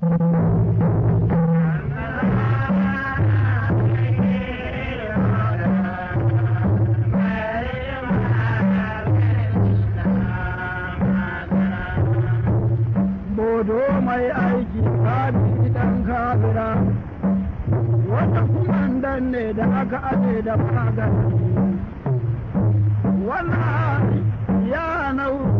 Bodo mai aiki kafin gidan kabira, wata kumandan ne da aka aje da magani. Wannan ya nau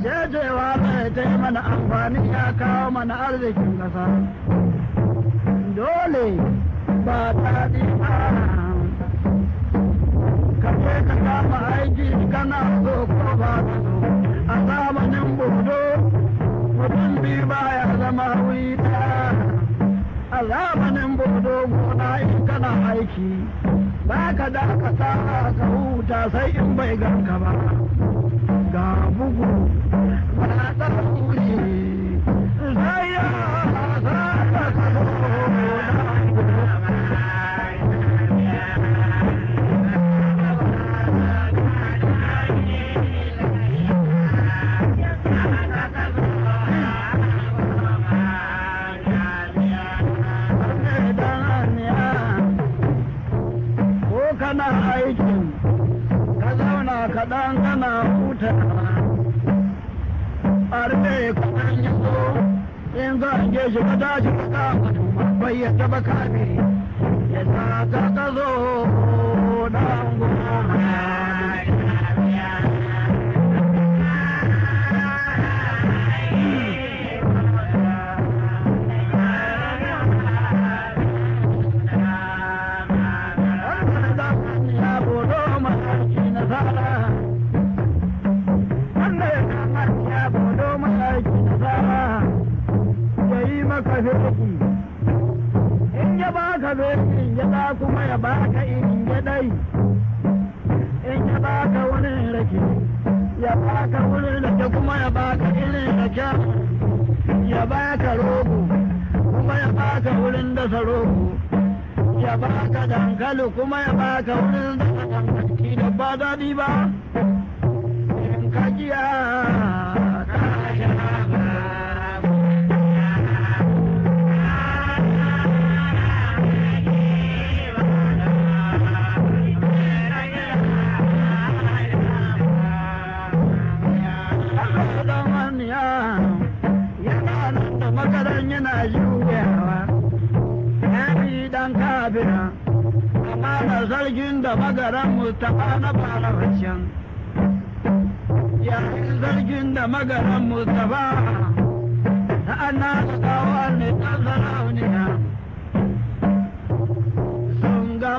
cewa zai ta mana amfani ya kawo mana arzikin ƙasa dole ba ta ba ka je ka kama aiki kana so ko ba ta so a zamanin bodo mutum biyu baya zama wuri a zamanin bodo gona in kana aiki ba ka dakata ka huta sai in bai garka ba ga bugu ba ta kuri zaya za kana aikin ڪڏهن نه in ya baka in ya da kuma ya baka in ya dai in ya baka wani rake ya baka wani rake kuma ya baka irin rake ya baka rogo kuma ya baka wurin dasa rogo ya baka dankali kuma ya baka wurin dasa dankali da ba daɗi ba in ka yana juyawa ya dan kafira amma da zargin da magaran na yayin zargin da magaran mustapha na ana tsawa ne sun ga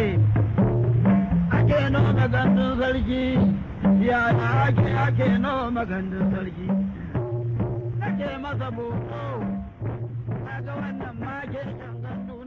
sarki ya na ake ake nawa magandun sarki ake masa boko ga wannan make can